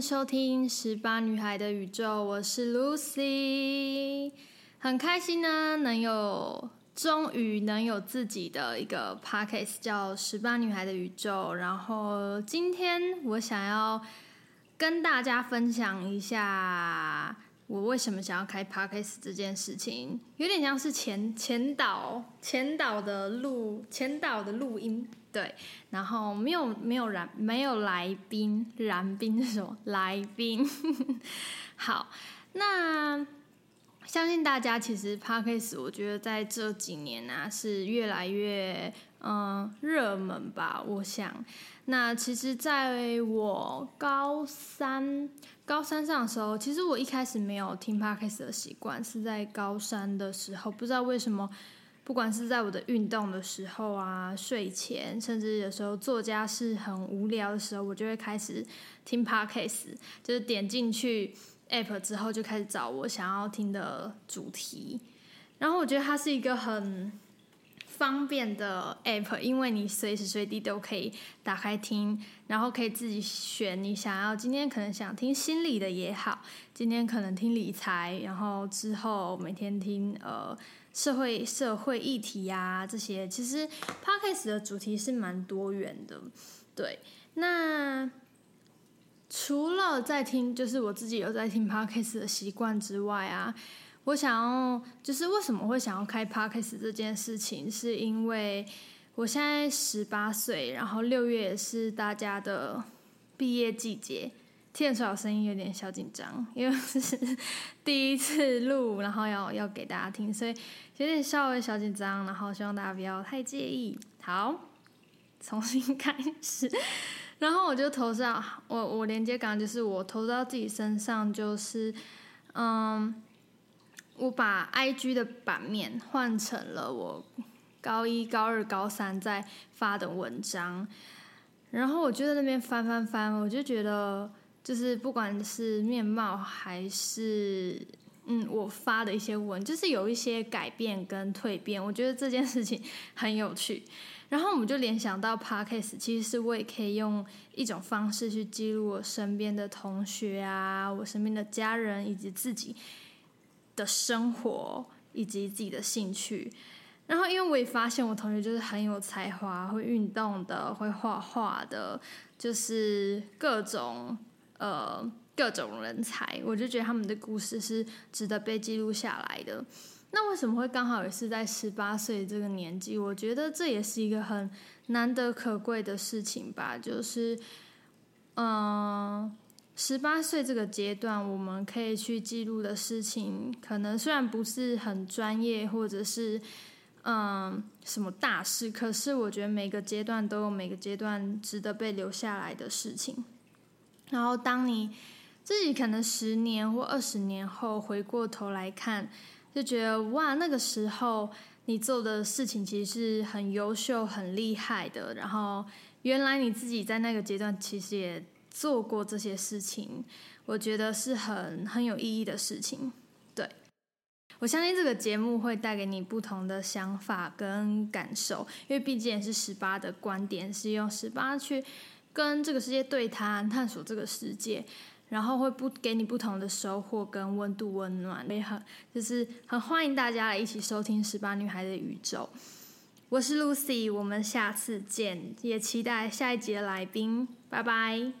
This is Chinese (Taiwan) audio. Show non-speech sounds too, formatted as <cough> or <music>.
收聽《十八女孩的宇宙》，我是 Lucy，很開心呢，能有，終於能有自己的一個 podcast，叫《十八女孩的宇宙》。然後今天我想要跟大家分享一下。我為什麼想要開 podcast 這件事情，有點像是前前導前導的錄前導的錄音，對，然後沒有沒有來沒有來賓，來賓是什麼？來賓。 <laughs> 好，那相信大家其實 podcast 我覺得在這幾年啊，是越來越。嗯，熱門吧，我想。那其實在我高三高三上的時候，其實我一開始沒有聽 podcast 的習慣，是在高三的時候，不知道為什麼，不管是在我的運動的時候啊，睡前，甚至有時候做家事很無聊的時候，我就會開始聽 podcast，就是點進去 app 之後就開始找我想要聽的主題，然後我覺得它是一個很。方便的 app，因為你隨時隨地都可以打開聽，然後可以自己選你想要。今天可能想聽心理的也好，今天可能聽理財，然後之後每天聽呃社會社會議題呀、啊、這些。其實 podcast 的主題是蠻多元的，對。那除了在聽，就是我自己有在聽 podcast 的習慣之外啊。我想要，就是為什麼會想要開 podcast 這件事情，是因為我現在十八歲，然後六月也是大家的畢業季節。聽得出來我聲音有點小緊張，因為是第一次錄，然後要要給大家聽，所以有點稍微小緊張。然後希望大家不要太介意。好，重新開始。然後我就投上，我我連接感就是我投到自己身上，就是嗯。我把 IG 的版面換成了我高一、高二、高三在發的文章，然後我就在那邊翻翻翻，我就覺得就是不管是面貌還是嗯，我發的一些文，就是有一些改變跟蛻變。我覺得這件事情很有趣，然後我們就聯想到 Podcast，其實是我也可以用一種方式去記錄我身邊的同學啊，我身邊的家人以及自己的生活以及自己的興趣，然後因為我也發現我同學就是很有才華，會運動的，會畫畫的，就是各種呃各種人才，我就覺得他們的故事是值得被記錄下來的。那為什麼會剛好也是在十八歲這個年紀？我覺得這也是一個很難得可貴的事情吧，就是嗯。呃十八歲這個階段，我們可以去記錄的事情，可能雖然不是很專業，或者是嗯什麼大事，可是我覺得每個階段都有每個階段值得被留下來的事情。然後當你自己可能十年或二十年後回過頭來看，就覺得哇，那個時候你做的事情其實是很優秀、很厲害的。然後原來你自己在那個階段其實也。做過這些事情，我覺得是很很有意義的事情。對。我相信這個節目會帶給你不同的想法跟感受，因為畢竟也是十八的觀點，是用十八去跟這個世界對談，探索這個世界，然後會不給你不同的收穫跟溫度溫暖。也很就是很歡迎大家來一起收聽《十八女孩的宇宙》，我是 Lucy，我們下次見，也期待下一集的來賓，拜拜。